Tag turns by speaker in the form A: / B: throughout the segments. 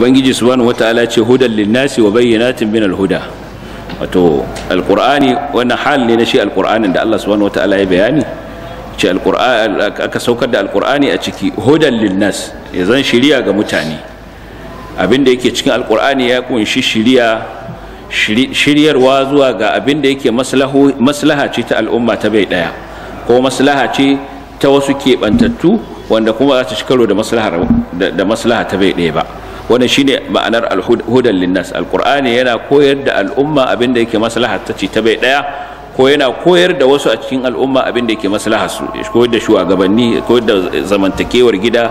A: ubangiji subhanahu wataala ce hudan linnasi wa bayyinatin min alhuda wato alqur'ani wannan hal ne na shi alqur'anin da Allah subhanahu wataala ya bayani ce aka saukar da alqur'ani a ciki hudan linnas ya zan shiriya ga mutane abin da yake cikin alqur'ani ya kunshi shiriya shiryarwa zuwa ga abin da yake maslaha ce ta al'umma ta bai daya ko maslaha ce ta wasu keɓantattu wanda kuma za ta shi karo da maslaha ta bai ɗaya ba wannan shine ma'anar alhudan linnas alqur'ani yana koyar da al'umma abin da yake maslaha ta ci ta bai daya ko yana koyar da wasu a cikin al'umma abin da yake maslaha su koyar da shugabanni koyar da zamantakewar gida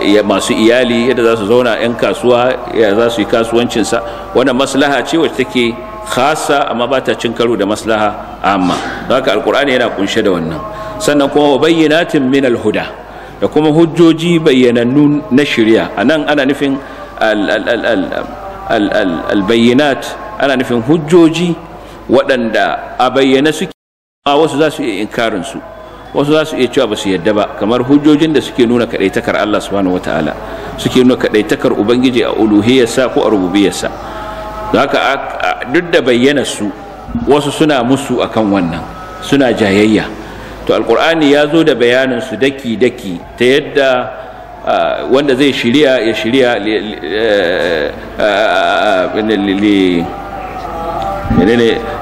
A: eh, masu iyali yadda za su zauna 'yan kasuwa ya za su yi kasuwancinsa wannan maslaha ce wacce take khasa amma ba ta cin karo da maslaha amma haka alkur'ani yana kunshe da wannan sannan kuma wa bayyanatin min alhuda da kuma hujjoji bayyanannu na shari'a anan ana nufin albayyanat ana nufin hujjoji waɗanda a bayyane suke a wasu za su iya inkarin su wasu za su iya cewa ba su yadda ba kamar hujjojin da suke nuna kaɗaitakar Allah subhanahu wataala suke nuna kaɗaitakar ubangiji a uluhiyarsa ko a rububiyarsa haka duk da bayyana su wasu suna musu a kan wannan suna jayayya to alkur'ani ya zo da bayanin su daki daki ta yadda wanda zai shirya ya shirya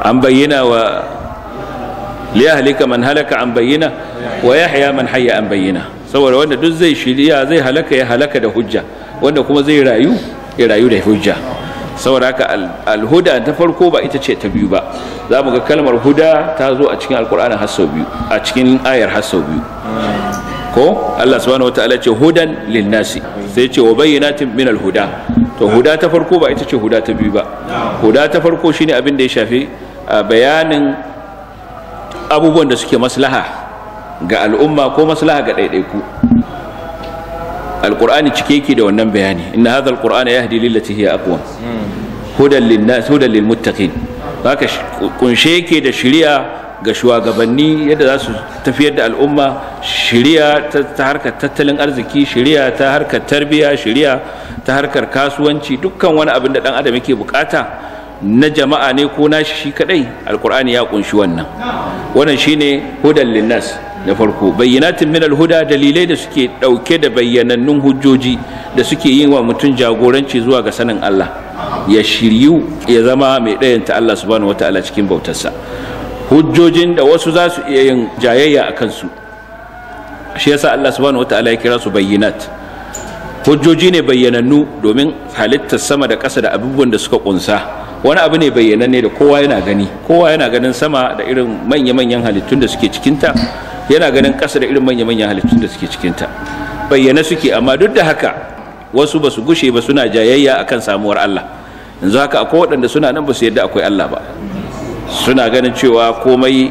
A: an bayyana wa liyahlika man halaka an bayyana wa yahya man hayya an bayyana saboda wanda duk zai shirya zai halaka ya halaka da hujja wanda kuma zai rayu ya rayu da hujja saboda haka alhuda ta farko ba ita ce ta biyu ba za mu ga kalmar huda ta zo a cikin alkur'anin hasso biyu a cikin ayar hasso biyu ko Allah subhanahu wataala ce hudan linnasi sai ce wa bayyinatin min alhuda to huda ta farko ba ita ce huda ta biyu ba huda ta farko shine abin da ya shafi bayanin abubuwan da suke maslaha ga al'umma ko maslaha ga ɗaiɗaiku alqur'ani cike yake da wannan bayani inna hadha alqur'ana yahdi lillati hiya aqwam hmm. hudan linnas hudan lilmuttaqin kunshe yake da shari'a ga shugabanni yadda za su tafiyar da al'umma shirya ta harkar tattalin arziki shirya ta harkar tarbiyya shirya ta harkar kasuwanci dukkan wani abin da dan adam yake bukata na jama'a ne ko nashi shi kadai alkur'ani ya kunshi wannan wannan shine hudan linnas na farko bayyanatin min alhuda dalilai da suke dauke da bayyanannun hujjoji da suke yin wa mutum jagoranci zuwa ga sanin Allah ya shiryu ya zama mai ɗayanta Allah subhanahu wataala cikin bautarsa hujjojin da wasu za su iya yin jayayya a kansu shi yasa Allah subhanahu wataala ya kira su bayyinat hujjoji ne bayyanannu domin halittar sama da ƙasa da abubuwan da suka kunsa wani abu ne bayyananne da kowa yana gani kowa yana ganin sama da irin manya-manyan halittun da suke cikinta yana ganin ƙasa da irin manya-manyan halittun da suke cikinta bayyana suke amma duk da haka wasu ba su gushe ba suna jayayya akan samuwar Allah yanzu haka akwai waɗanda suna nan ba su yadda akwai Allah ba suna ganin cewa komai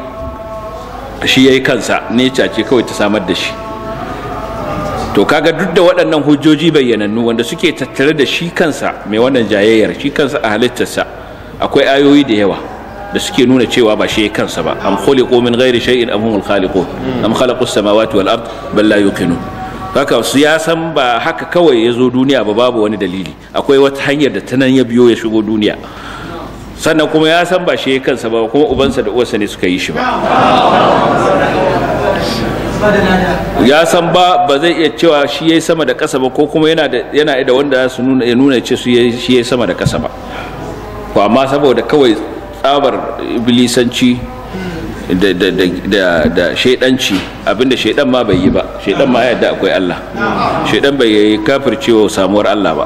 A: shi ya yi kansa ne ce kawai ta samar da shi to kaga duk da waɗannan hujjoji bayyanannu wanda suke tattare da shi kansa mai wannan jayayyar shi kansa a halittarsa akwai ayoyi da yawa da suke nuna cewa ba shi kansa ba am khuliqu min ghairi shay'in am humul khaliqu am khalaqu samawati wal ard bal la yuqinu haka su ya san ba haka kawai ya zo duniya ba babu wani dalili akwai wata hanyar da ta nan ya biyo ya shigo duniya sannan kuma ya san ba shi ya kansa ba kuma ubansa da uwarsa ne suka yi shi ba ya san ba ba zai iya cewa shi ya sama da ƙasa ba ko kuma yana da yana wanda su nuna ya nuna ce su shi ya sama da ƙasa ba ko amma saboda kawai tsabar iblisanci da shaidanci abinda shaidan ma bai yi ba shaidan ma ya yadda akwai Allah shaidan bai yi kafircewa samuwar Allah ba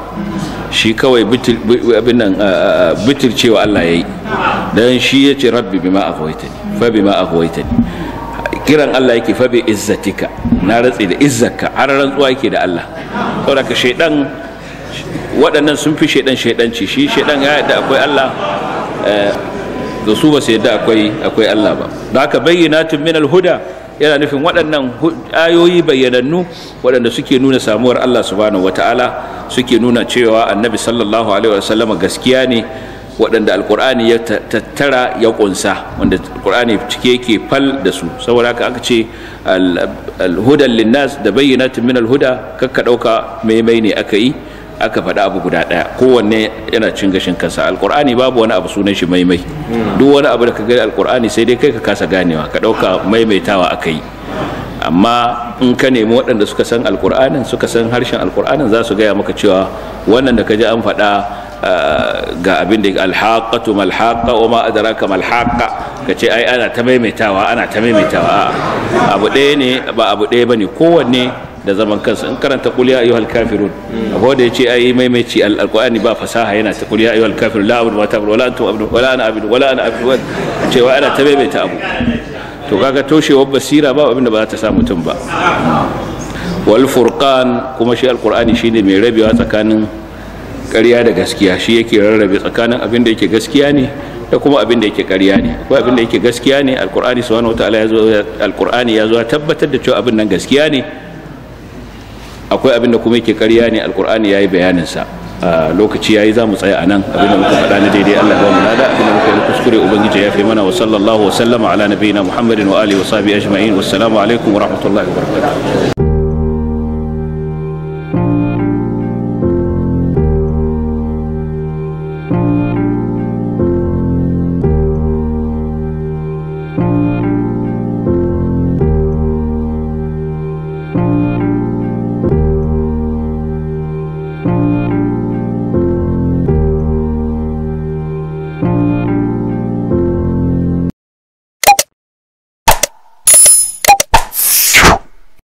A: shi kawai bitir cewa Allah ya yi don shi ya ce rabbi bima aghwaytani fa bima aghwaytani kiran Allah yake Fabi izzatika na ratse da izzaka har rantsuwa yake da Allah saboda ka shaidan waɗannan sun fi shaidan shaidanci shi shaidan ya yadda akwai Allah da eh, su ba su yadda akwai Allah ba da haka tun min al-huda yana nufin waɗannan ayoyi bayyanannu waɗanda suke nuna samuwar Allah subhanahu wata'ala suke nuna cewa annabi sallallahu alaihi wasallam gaskiya ne waɗanda alkur'ani ya tattara ya ƙunsa wanda alkur'ani cike yake fal da su saboda haka aka ce alhudan linnas da bayyanatin min alhuda kakka ɗauka maimai ne aka yi aka faɗi abu guda ɗaya kowanne yana cin gashin kansa alkur'ani babu wani abu sunan shi maimai hmm. duk wani abu da ka gani alkur'ani sai dai kai ka kasa ganewa ka ɗauka maimaitawa aka yi amma in ka nemi waɗanda suka san alkur'anin suka san harshen alkur'anin za su gaya maka cewa wannan da ka ji an faɗa ah, ga abin da alhaƙatu malhaƙa wa ma malhaƙa ka ce ai ana ta maimaitawa ana ta maimaitawa abu ɗaya ne ba abu ɗaya bane kowanne da zaman kansu in karanta qul ya ayyuhal kafirun akwai da yace ai maimaici alqur'ani ba fasaha yana ta qul ya ayyuhal kafirun la abudu ma ta'budu wala antum abudu wala ana abudu wala ana abudu cewa ana ta maimaita abu to kaga toshewar basira ba abinda ba za ta sa mutum ba wal furqan kuma shi alqur'ani shine mai rabewa tsakanin ƙarya da gaskiya shi yake rarrabe tsakanin abin da yake gaskiya ne da kuma abin da yake ƙarya ne ko abin da yake gaskiya ne alqur'ani subhanahu wataala ya zo alqur'ani ya zo tabbatar da cewa abin nan gaskiya ne akwai abin da kuma yake karya ne alkur'ani ya yi bayaninsa lokaci ya yi za mu tsaya a nan abin da muka faɗa na daidai allah ba mu nada abin da muka yi kuskure ubangiji ya fi mana wa sallallahu wa sallama ala nabiyina muhammadin wa alihi wa sahbihi ajma'in wassalamu alaikum wa rahmatullahi wa barakatuh